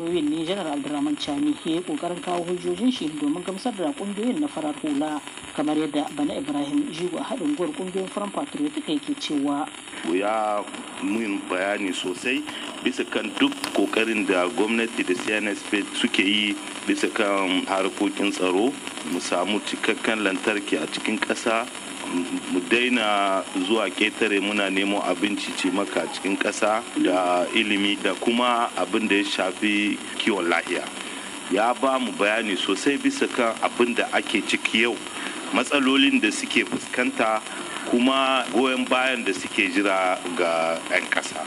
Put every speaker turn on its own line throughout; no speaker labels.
lauyan ne janar abdulrahman chani ya yi kokarin kawo hujjojin shi domin gamsar da kungiyoyin na farar hula kamar yadda bana ibrahim jigo a haɗin gwar kungiyoyin faran patriotic yake cewa
mun bayani sosai bisa kan duk kokarin da gwamnati da cnsp suke yi bisa kan harkokin tsaro mu samu cikakken lantarki a cikin ƙasa mu daina zuwa ƙetare muna nemo abinci ce maka cikin ƙasa da ilimi da kuma abin da ya shafi kiwon lahiya ya ba mu bayani sosai bisa kan abin da ake ciki yau matsalolin da suke fuskanta kuma goyon bayan da suke jira ga 'yan kasa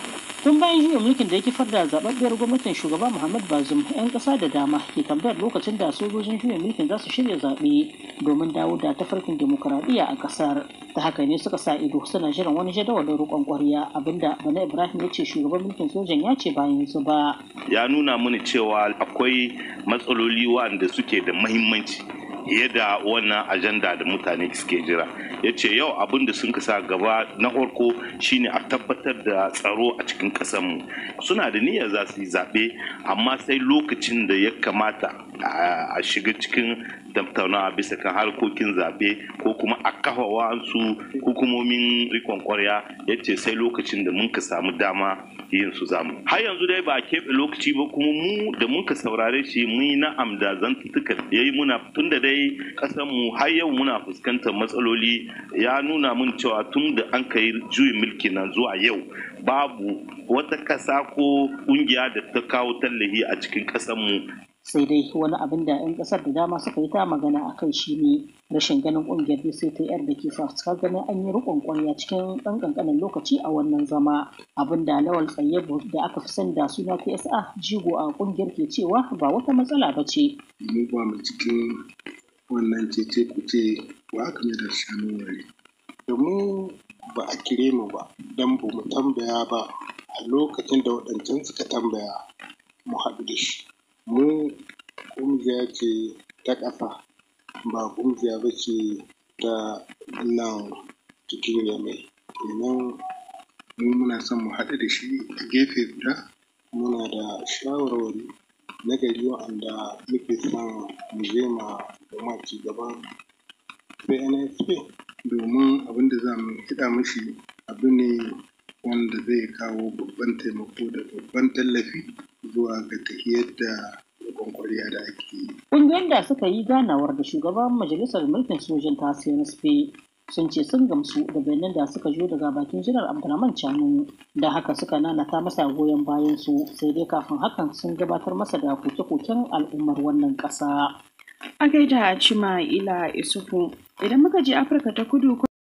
tun bayan juyin mulkin da ya kifar da zababbiyar gwamnatin shugaba muhammad bazum 'yan ƙasa da dama ke tambayar lokacin da sojojin juyin mulkin za su shirya zaɓe domin dawo da tafarkin demokuraɗiyya a ƙasar ta haka ne suka sa ido suna jiran wani jadawalin roƙon ƙwarya abinda bana ibrahim ya ce shugaban mulkin sojan ya ce bayan su ba
ya nuna mini cewa akwai matsaloli wanda suke da mahimmanci fiye da wannan ajanda da mutane suke jira ya ce yau abin da sun kasa gaba na farko shine a tabbatar da tsaro a cikin kasanmu suna da niyyar za su yi zaɓe amma sai lokacin da ya kamata a shiga cikin tattaunawa bisa kan harkokin zaɓe ko kuma a kafa wa'ansu hukumomin rikon kwarya ya ce sai lokacin da mun ka samu dama yin su zamu har yanzu dai ba a keɓe lokaci ba kuma mu da mun ka saurare shi mun yi na'am da ya yayi muna tun da dai ƙasar mu har yau muna fuskantar matsaloli ya nuna mun cewa tun da an kai juyin mulki na zuwa yau babu wata ƙasa ko ƙungiya da ta kawo tallahi a cikin ƙasar mu
sai dai wani abin da 'yan kasar da dama suka yi ta magana a kan shi ne rashin ganin kungiyar dctr da ke sa ganin an yi rikon kwanya cikin ɗan ƙanƙanin lokaci a wannan zama abin da lawal tsaye da aka fi sani da suna psa jigo a kungiyar ke cewa ba wata matsala ba ce. mu ba cikin wannan
cece ku ce wa aka da shanu wari mu ba a kire mu ba don ba tambaya ba a lokacin da waɗancan suka tambaya mu haɗu da shi. ƙungiya ce ta ƙasa ba ƙungiya ba ce ta nan cikin Yamai. Kenan mu muna son mu haɗu da shi a gefe guda muna da shawarwari na gari wa'anda muke son mu je ma ma gaban PNSP domin abin da za mu kiɗa mishi abu ne wanda zai kawo babban taimako da babban tallafi zuwa ga tahiyar da ƙwarya da ake
yi. Ƙungiyoyin da suka yi ganawar da shugaban majalisar mulkin sojan ta CNSP sun ce sun gamsu da bayanan da suka zo daga bakin jiran Abdulrahman Chanu da haka suka nanata masa goyon bayan su sai dai kafin hakan sun gabatar masa da koke-koken al'ummar wannan ƙasa. A gaida Cima Ila Isufu idan muka je Afirka ta kudu